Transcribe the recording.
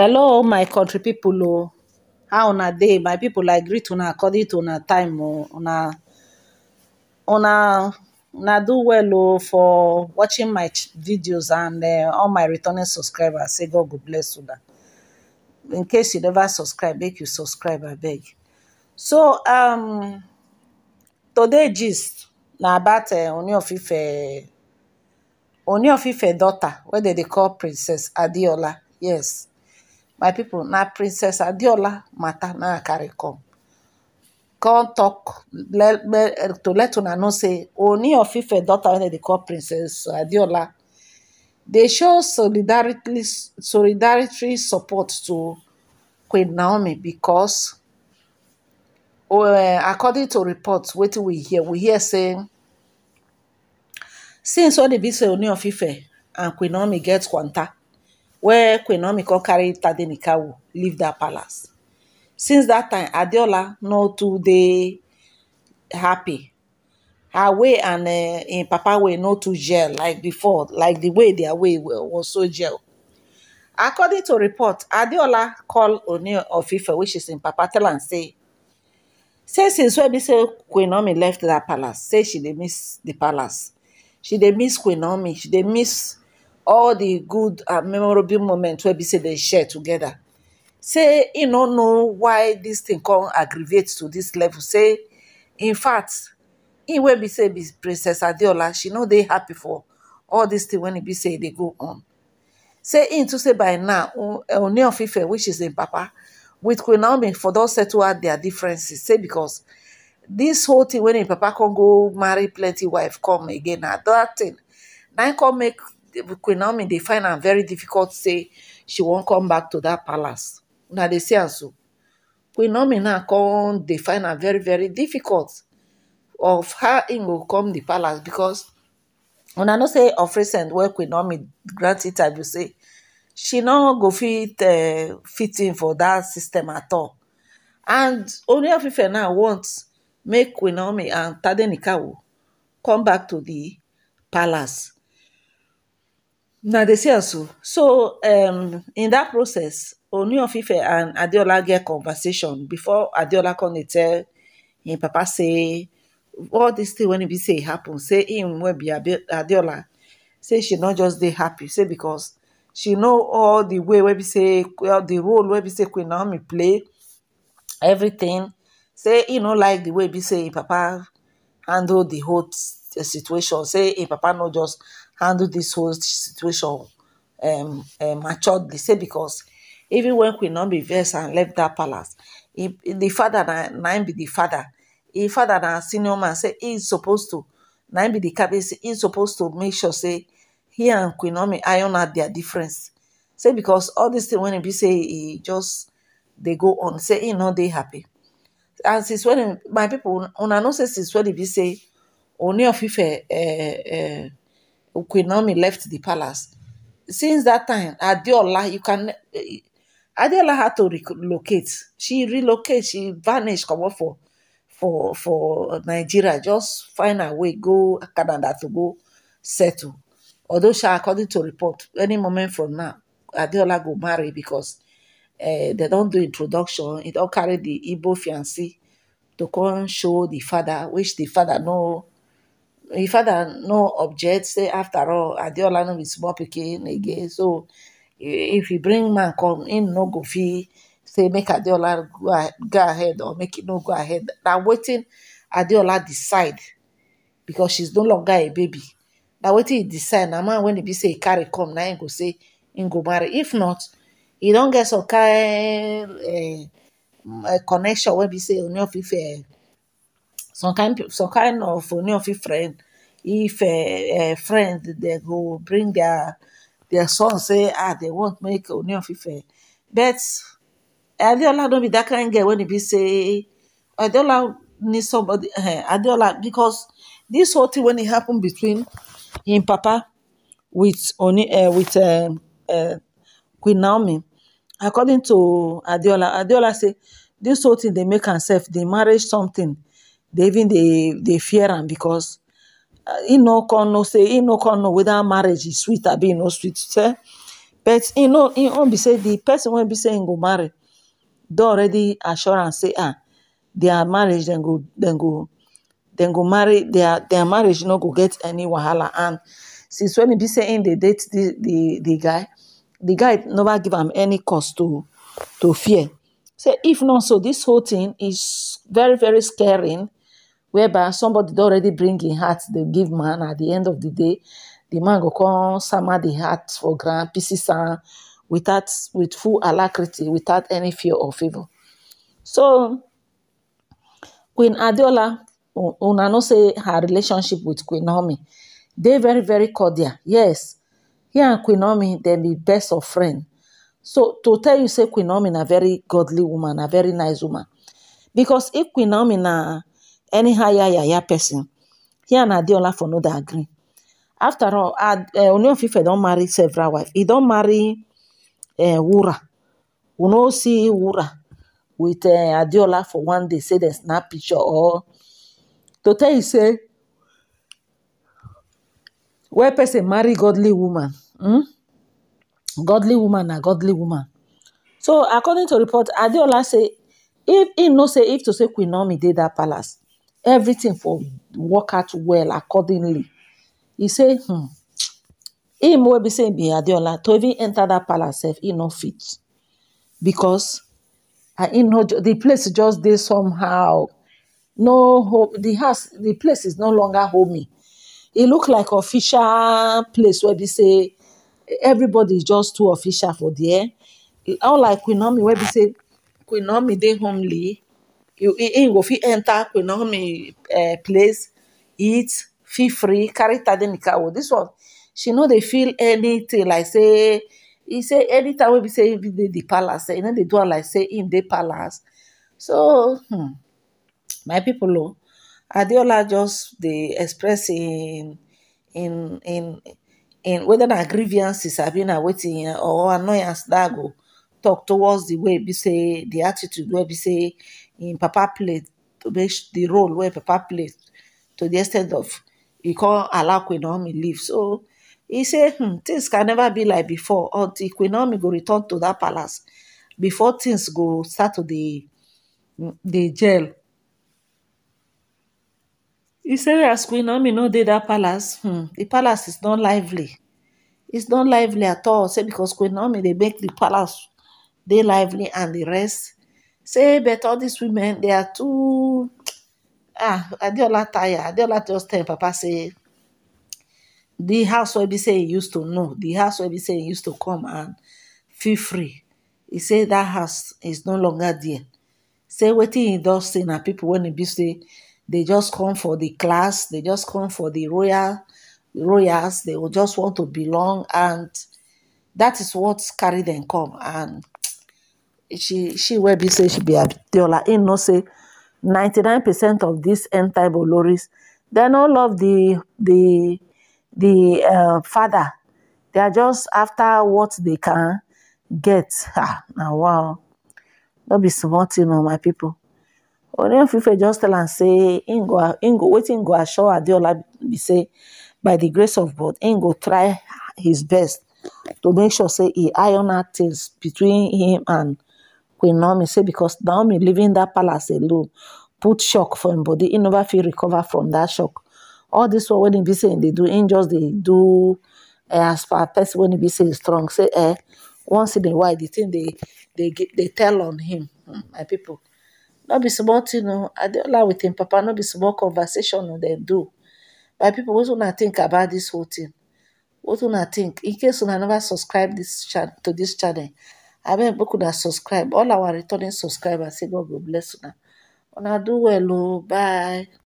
Hello oh my country people o, oh. how una dey? My people I greet una according to una time o, oh. una una una do well o for watching my videos and uh, all my returning subscribers. Say God go bless una. In case you never subscribe, make you subscribe abeg. So um today gist na about uh, eh, Ooni of Ife Ooni of daughter wey dem dey call Princess Adeola. Yes. my people na princess adiola matter na i carry come come talk eh, to let una know say oni of ife daughter wey the dey call princess adiola they show solidarity solidarity support to queen naomi because oh, eh, according to reports wetin we hear we hear saying since when dey be say oni of ife and queen naomi get kwanta where queen naomi come carry leave that palace since that time adeola no too day happy her way and eh, in papa way no too gel like before like the way their way was so gel according to report adeola call on of ife which is in papa tell and say say since when be say queen left that palace say she the miss the palace she the miss queen she the miss all the good and uh, memorable moments wey be say they share together say e no know why this thing come aggravate to this level say in fact im wey be say be princess adeola she no dey happy for all this thing when e be say e dey go on say im too say by now uh, oni of ife which is im papa with queen naomi for don settle out their differences say because this whole thing when im papa come go marry plenty wife come again na that thing na im come make queen naomi dey find am very difficult say she wan come back to that palace na dey see am so queen naomi now come dey find am very very difficult of how im go come the palace becos una know say of recent wey queen naomi grant interview say she no go fit eh, fit in for that system at all and only if ife now wants make queen naomi and tadenikawo come back to the palace Now they say also. So um, in that process, Oni of Ife and Adiola get conversation before Adiola come tell him papa say all this thing when it be say happen. Say him will be Adiola. Say she not just they happy. Say because she know all the way where we say well, the role where we say Queen Naomi play everything. Say you know like the way we say papa handle the whole situation say a papa no just handle this whole situation um, um, maturedly say because even when queen naomi verse and left that palace if the father na be the father if father na senior man say he supposed to na be the cabinet he supposed to make sure say he and queen naomi iron out their difference say because all this thing when e be say he just they go on say he not they happy and since when my people una know say since when he be say Oni of Ife, uh, left the palace. Since that time, Adiola, you can. Eh, Adiola had to relocate. She relocated, she vanished, come for, for, for Nigeria, just find a way, go Canada to go settle. Although she, according to report, any moment from now, Adiola go marry because uh, they don't do introduction. It all carry the Igbo fiancé to come show the father, which the father knows. If father no object say after all adeola no with small pikin again so if he bring man come in, no go fee. say make adeola go ahead or make it no go ahead na wetin adeola decide because she's no longer a baby Now waiting he decide na man when e be say carry come now im go say im go marry if not don't get some kind eh, eh, connection when we say only of ife eh, some kind some kind of oniofi friend if a friend they go bring their their son say ah they want make oniofife but adeola not be that kind girl when he be say adeola need somebody eh, adeola because this whole thing when it happened between him papa with only uh, eh, with uh, uh, queen naomi according to adeola adeola say this whole thing they make am They marriage something dey even dey dey fear am because e no come know say e no come know whether marriage is sweet abi e no sweet say. but e no e own be say the person wey be say im go marry don already assure am say ah their marriage dem go dem go dem go marry their their marriage no go get any wahala and since when e be say im dey date the the the guy the guy never give am any cause to to fear say if not so this whole thing is very very scaring whereby somebody already bring him heart they give man at the end of the day the man go come sama the heart for grand pieces am without with full alacrity without any fear or favour so queen Adiola, una no say her relationship with queen naomi they very very cordial yes he and queen naomi they be best of friend so to tell you say queen naomi a very godly woman a very nice woman because if queen naomi na anyhow yaya ya person here and adeola for no dey agree after all oniofife eh, don't marry several wives. He don't marry eh, wura we no see wura with eh, adeola for one day say dem snap picture or to tell you say where person marry godly woman Hmm, godly woman a godly woman so according to report adeola say if he no say if to say queen naomi did that palace everything for work out well accordingly He say "Hmm, him wey be say him be adeola to even enter dat palace sef e no fit because I him no the place just dey somehow no hope the house the place is no longer homey e look like official place wey be say everybody is just too official for there unlike queen naomi wey be say queen naomi dey homely im go fit enter queen naomi eh, place eat feel free carry tadenika o This one she no dey feel anything like say e say anytime wey be say im dey di palace eh, e no dey do am like say im dey palace so hmm, my pipo o oh, adeola just dey express in, in in in whether na grievances sabi na wetin eh, or annoyance dat go talk towards the way be say the attitude wey be say in Papa played, to which the role where Papa played to the extent of he can't allow Queen Naomi leave. So he said, hmm, things can never be like before until Queen Naomi go return to that palace before things go start to the mm, the jail. He said, as Queen Naomi no did that palace, hmm, the palace is not lively. It's not lively at all. Say because Queen Naomi they make the palace they lively and the rest say but all these women they are too ah They are not tired They are not just tell papa say the house will be saying he used to know the house will be saying he used to come and feel free he say that house is no longer there say what he don say na people when he be say they just come for the class they just come for the royal royals they will just want to belong and that is what carry them come and she she wey be say she be abiola im know say ninety nine percent of these end time oloris dem no love the the the uh, father they are just after what they can get ah na wow no be small thing o oh, my people onyefufe just tell am say im go wetin go assure adeola be say by the grace of god im go try his best to make sure say e iron out things between him and queen naomi say becos naomi leaving that palace alone put shock for im body im never feel recover from that shock all this one when he be saying they do im they dey do eh, as per person when he be saying strong say eh once in a while di thing they tell on him hmm, my people, not be small I don't lie with him, papa Not be small conversation they do my people, what do una think about this whole thing? What do una think in case una never subscribe to this channel abeg make una subscribe all our returning subscribers say god go bless una una do well o oh. bye